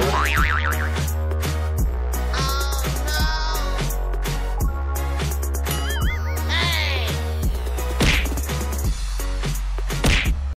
Bye.